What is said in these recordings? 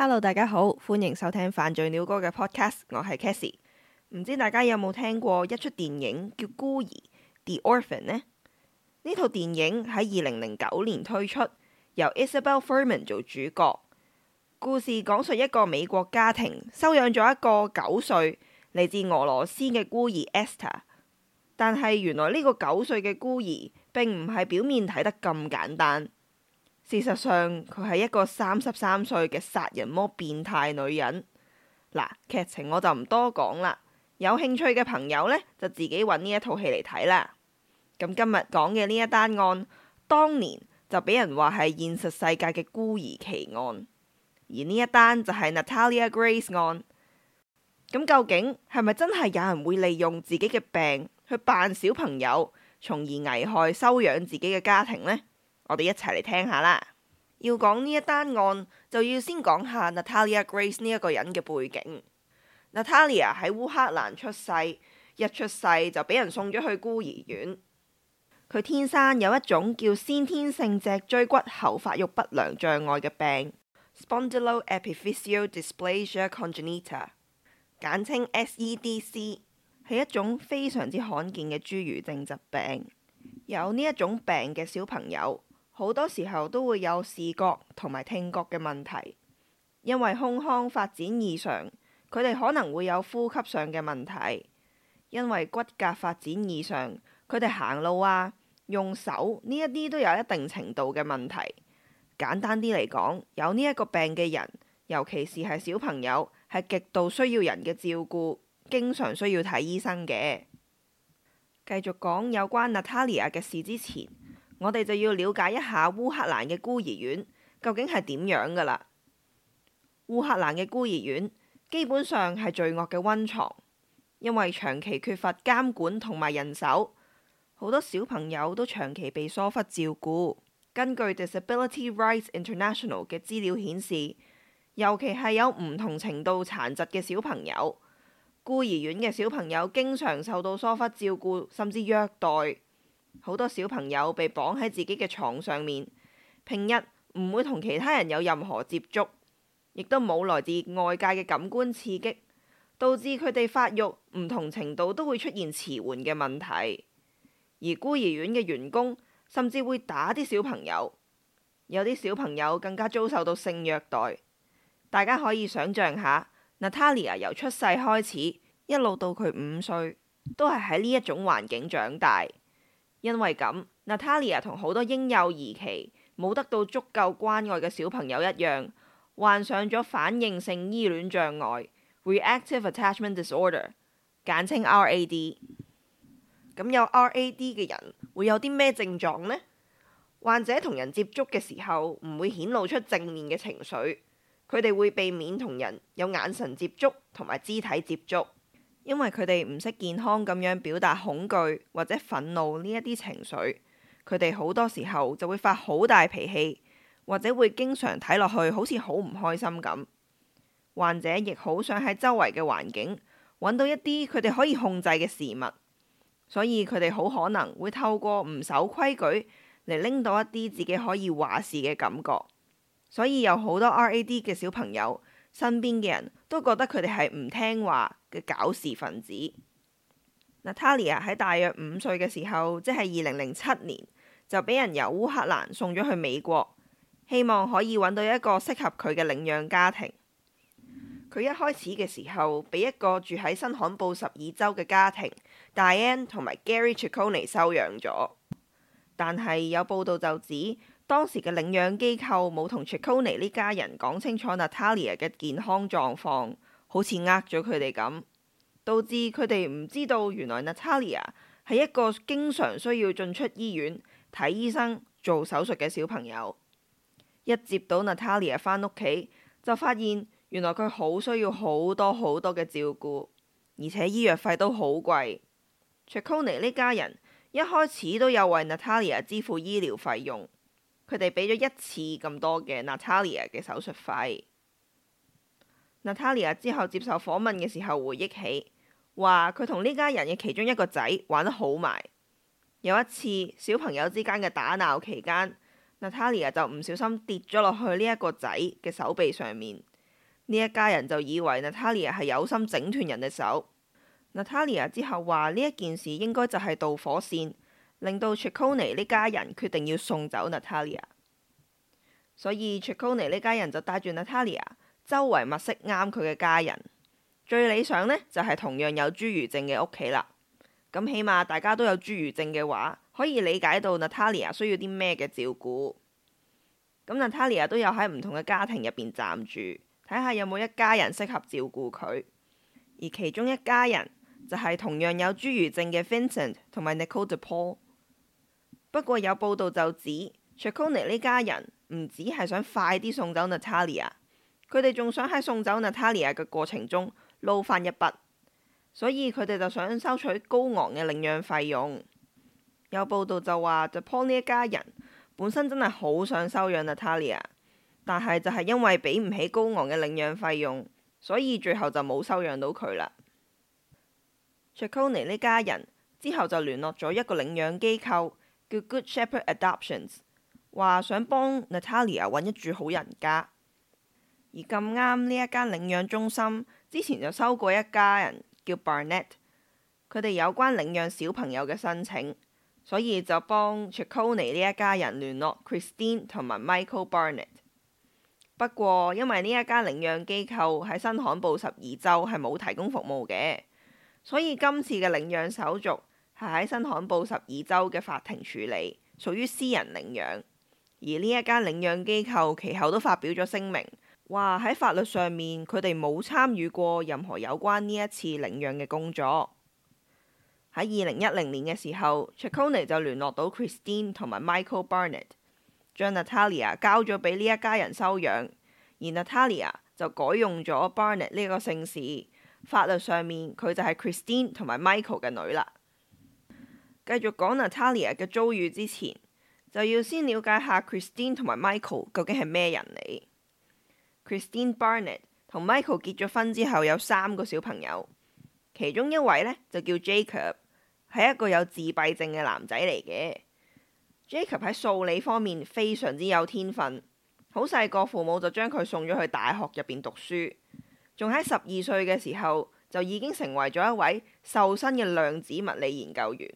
Hello，大家好，歡迎收聽《犯罪鳥哥》嘅 Podcast，我係 Cassie。唔知大家有冇聽過一出電影叫《孤兒 The Orphan》呢？呢套電影喺二零零九年推出，由 Isabel Fuhrman 做主角。故事講述一個美國家庭收養咗一個九歲嚟自俄羅斯嘅孤兒 Esther，但係原來呢個九歲嘅孤兒並唔係表面睇得咁簡單。事實上，佢係一個三十三歲嘅殺人魔變態女人。嗱，劇情我就唔多講啦。有興趣嘅朋友呢，就自己揾呢一套戲嚟睇啦。咁今日講嘅呢一單案，當年就俾人話係現實世界嘅孤兒奇案。而呢一單就係 Natalia Grace 案。咁究竟係咪真係有人會利用自己嘅病去扮小朋友，從而危害收養自己嘅家庭呢？我哋一齊嚟聽下啦。要講呢一單案，就要先講下 Natalia Grace 呢一個人嘅背景。Natalia 喺烏克蘭出世，一出世就俾人送咗去孤兒院。佢天生有一種叫先天性脊椎骨喉發育不良障礙嘅病 ita, s p o n d y l o e p i p h a s i a l dysplasia congenita），簡稱 SEDc，係一種非常之罕見嘅侏儒症疾病。有呢一種病嘅小朋友。好多時候都會有視覺同埋聽覺嘅問題，因為胸腔發展異常，佢哋可能會有呼吸上嘅問題；因為骨骼發展異常，佢哋行路啊、用手呢一啲都有一定程度嘅問題。簡單啲嚟講，有呢一個病嘅人，尤其是係小朋友，係極度需要人嘅照顧，經常需要睇醫生嘅。繼續講有關娜塔莉亞嘅事之前。我哋就要了解一下烏克蘭嘅孤兒院究竟係點樣噶啦。烏克蘭嘅孤兒院基本上係罪惡嘅溫床。因為長期缺乏監管同埋人手，好多小朋友都長期被疏忽照顧。根據 Disability Rights International 嘅資料顯示，尤其係有唔同程度殘疾嘅小朋友，孤兒院嘅小朋友經常受到疏忽照顧，甚至虐待。好多小朋友被綁喺自己嘅床上面，平日唔會同其他人有任何接觸，亦都冇來自外界嘅感官刺激，導致佢哋發育唔同程度都會出現遲緩嘅問題。而孤兒院嘅員工甚至會打啲小朋友，有啲小朋友更加遭受到性虐待。大家可以想象下，娜塔莉亞由出世開始，一路到佢五歲，都係喺呢一種環境長大。因為咁，Natalia 同好多嬰幼兒期冇得到足夠關愛嘅小朋友一樣，患上咗反應性依戀障礙 （reactive attachment disorder），簡稱 RAD。咁有 RAD 嘅人會有啲咩症狀呢？患者同人接觸嘅時候唔會顯露出正面嘅情緒，佢哋會避免同人有眼神接觸同埋肢體接觸。因為佢哋唔識健康咁樣表達恐懼或者憤怒呢一啲情緒，佢哋好多時候就會發好大脾氣，或者會經常睇落去好似好唔開心咁。患者亦好想喺周圍嘅環境揾到一啲佢哋可以控制嘅事物，所以佢哋好可能會透過唔守規矩嚟拎到一啲自己可以話事嘅感覺。所以有好多 RAD 嘅小朋友，身邊嘅人都覺得佢哋係唔聽話嘅搞事分子。Natalia 喺大約五歲嘅時候，即係二零零七年就俾人由烏克蘭送咗去美國，希望可以揾到一個適合佢嘅領養家庭。佢一開始嘅時候，俾一個住喺新罕布什爾州嘅家庭，Dianne 同埋 Gary Triconi 收養咗，但係有報道就指，當時嘅領養機構冇同 Ciccone 呢家人講清楚 Natalia 嘅健康狀況，好似呃咗佢哋咁，導致佢哋唔知道原來 Natalia 係一個經常需要進出醫院、睇醫生、做手術嘅小朋友。一接到 Natalia 返屋企，就發現原來佢好需要好多好多嘅照顧，而且醫藥費都好貴。Ciccone 呢家人一開始都有為 Natalia 支付醫療費用。佢哋俾咗一次咁多嘅 Natalia 嘅手術費。Natalia 之後接受訪問嘅時候回憶起，話佢同呢家人嘅其中一個仔玩得好埋。有一次小朋友之間嘅打鬧期間，Natalia 就唔小心跌咗落去呢一個仔嘅手臂上面。呢一家人就以為 Natalia 係有心整斷人嘅手。Natalia 之後話呢一件事應該就係導火線。令到 Tricconi 呢家人決定要送走 Natalia，所以 Tricconi 呢家人就帶住 Natalia，周圍物色啱佢嘅家人。最理想呢，就係、是、同樣有侏儒症嘅屋企啦。咁起碼大家都有侏儒症嘅話，可以理解到 Natalia 需要啲咩嘅照顧。咁 Natalia 都有喺唔同嘅家庭入邊暫住，睇下有冇一家人適合照顧佢。而其中一家人就係、是、同樣有侏儒症嘅 Vincent 同埋 Nicole de Paul。不過有報道就指，Chakoni 呢家人唔止係想快啲送走 Natalia，佢哋仲想喺送走 Natalia 嘅過程中撈翻一筆，所以佢哋就想收取高昂嘅領養費用。有報道就話，就坡呢一家人本身真係好想收養 Natalia，但係就係因為俾唔起高昂嘅領養費用，所以最後就冇收養到佢啦。Chakoni 呢家人之後就聯絡咗一個領養機構。叫 Good Shepherd Adoptions，話想幫 Natalia 揾一住好人家。而咁啱呢一間領養中心之前就收過一家人叫 Barnett 佢哋有關領養小朋友嘅申請，所以就幫 Chaconi 呢一家人聯絡 Christine 同埋 Michael Barnett。不過因為呢一間領養機構喺新罕布什爾州係冇提供服務嘅，所以今次嘅領養手續。係喺新罕布什爾州嘅法庭處理，屬於私人領養。而呢一間領養機構其後都發表咗聲明，話喺法律上面佢哋冇參與過任何有關呢一次領養嘅工作。喺二零一零年嘅時候，Ciccone 就聯絡到 Christine 同埋 Michael Barnett，將 Natalia 交咗俾呢一家人收養，而 Natalia 就改用咗 Barnett 呢個姓氏。法律上面佢就係 Christine 同埋 Michael 嘅女啦。繼續講 Natalia 嘅遭遇之前，就要先了解下 Christine 同埋 Michael 究竟係咩人嚟。Christine Barnett 同 Michael 結咗婚之後，有三個小朋友，其中一位呢，就叫 Jacob，係一個有自閉症嘅男仔嚟嘅。Jacob 喺數理方面非常之有天分，好細個父母就將佢送咗去大學入邊讀書，仲喺十二歲嘅時候就已經成為咗一位瘦身嘅量子物理研究員。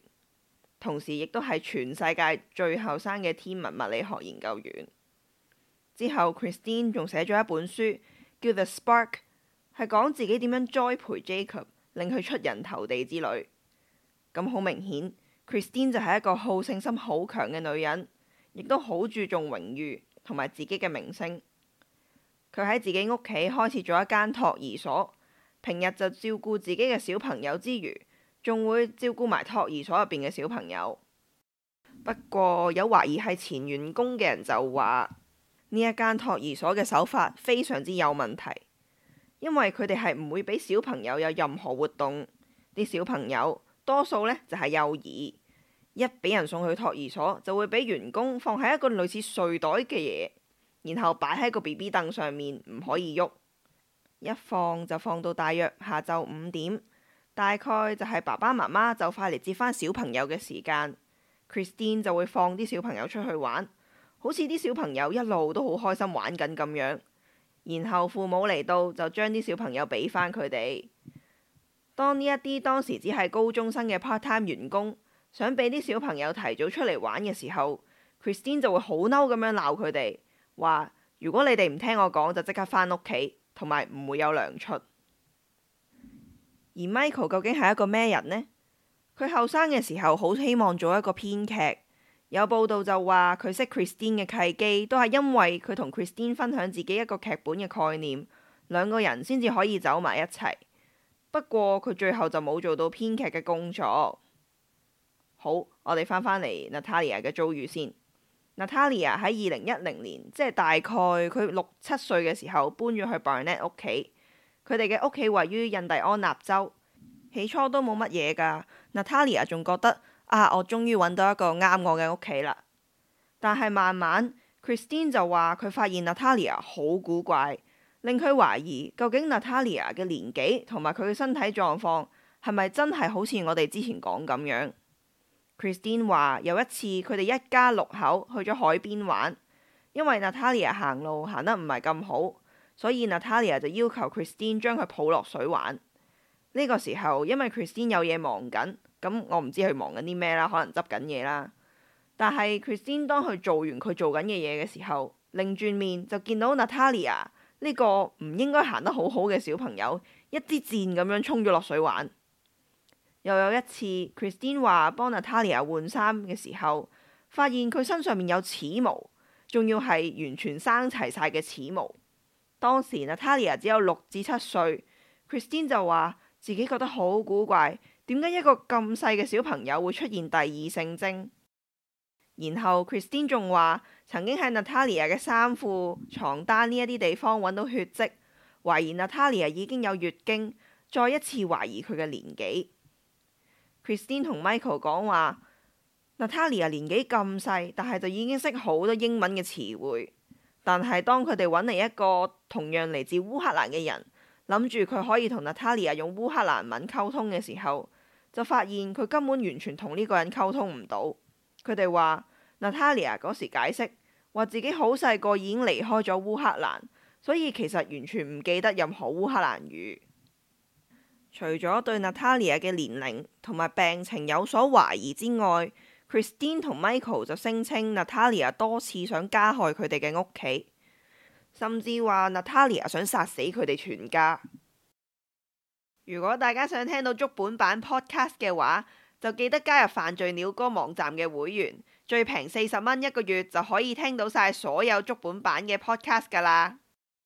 同時，亦都係全世界最後生嘅天文物理學研究員。之後，Christine 仲寫咗一本書，叫《The Spark》，係講自己點樣栽培 Jacob，令佢出人頭地之類。咁好明顯，Christine 就係一個好勝心好強嘅女人，亦都好注重榮譽同埋自己嘅名聲。佢喺自己屋企開設咗一間托兒所，平日就照顧自己嘅小朋友之餘，仲會照顧埋托兒所入邊嘅小朋友，不過有懷疑係前員工嘅人就話呢一間托兒所嘅手法非常之有問題，因為佢哋係唔會俾小朋友有任何活動，啲小朋友多數呢就係幼兒，一俾人送去托兒所就會俾員工放喺一個類似睡袋嘅嘢，然後擺喺個 BB 凳上面唔可以喐，一放就放到大約下晝五點。大概就係爸爸媽媽就快嚟接翻小朋友嘅時間，Christine 就會放啲小朋友出去玩，好似啲小朋友一路都好開心玩緊咁樣。然後父母嚟到就將啲小朋友俾返佢哋。當呢一啲當時只係高中生嘅 part time 員工想俾啲小朋友提早出嚟玩嘅時候，Christine 就會好嬲咁樣鬧佢哋，話如果你哋唔聽我講就即刻返屋企，同埋唔會有糧出。而 Michael 究竟係一個咩人呢？佢後生嘅時候好希望做一個編劇，有報道就話佢識 Kristine 嘅契機都係因為佢同 Kristine 分享自己一個劇本嘅概念，兩個人先至可以走埋一齊。不過佢最後就冇做到編劇嘅工作。好，我哋翻返嚟 Natalia 嘅遭遇先。Natalia 喺二零一零年，即係大概佢六七歲嘅時候，搬咗去 Barnett 屋企。佢哋嘅屋企位於印第安納州，起初都冇乜嘢噶。娜塔莉亞仲覺得啊，我終於揾到一個啱我嘅屋企啦。但係慢慢，Christine 就話佢發現娜塔莉亞好古怪，令佢懷疑究竟娜塔莉亞嘅年紀同埋佢嘅身體狀況係咪真係好似我哋之前講咁樣。Christine 話有一次佢哋一家六口去咗海邊玩，因為娜塔莉亞行路行得唔係咁好。所以，Natalia 就要求 Christine 將佢抱落水玩。呢個時候，因為 Christine 有嘢忙緊，咁，嗯，我唔知佢忙緊啲咩啦，可能執緊嘢啦。但係 Christine 當佢做完佢做緊嘅嘢嘅時候，擰轉面就見到 Natalia 呢個唔應該行得好好嘅小朋友一支箭咁樣衝咗落水玩。又有一次，Christine 話幫 Natalia 換衫嘅時候，發現佢身上面有恥毛，仲要係完全生齊晒嘅恥毛。當時啊，Natalia 只有六至七歲，Christine 就話自己覺得好古怪，點解一個咁細嘅小朋友會出現第二性徵？然後 Christine 仲話曾經喺 Natalia 嘅衫褲、床單呢一啲地方揾到血跡，懷疑啊 Natalia 已經有月經，再一次懷疑佢嘅年紀。Christine 同 Michael 講話，Natalia 年紀咁細，但係就已經識好多英文嘅詞彙。但係當佢哋揾嚟一個同樣嚟自烏克蘭嘅人，諗住佢可以同娜塔莉亞用烏克蘭文溝通嘅時候，就發現佢根本完全同呢個人溝通唔到。佢哋話，娜塔莉亞嗰時解釋，話自己好細個已經離開咗烏克蘭，所以其實完全唔記得任何烏克蘭語。除咗對娜塔莉亞嘅年齡同埋病情有所懷疑之外，Christine 同 Michael 就聲稱 Natalia 多次想加害佢哋嘅屋企，甚至話 Natalia 想殺死佢哋全家。如果大家想聽到足本版 podcast 嘅話，就記得加入犯罪鳥歌網站嘅會員，最平四十蚊一個月就可以聽到晒所有足本版嘅 podcast 㗎啦。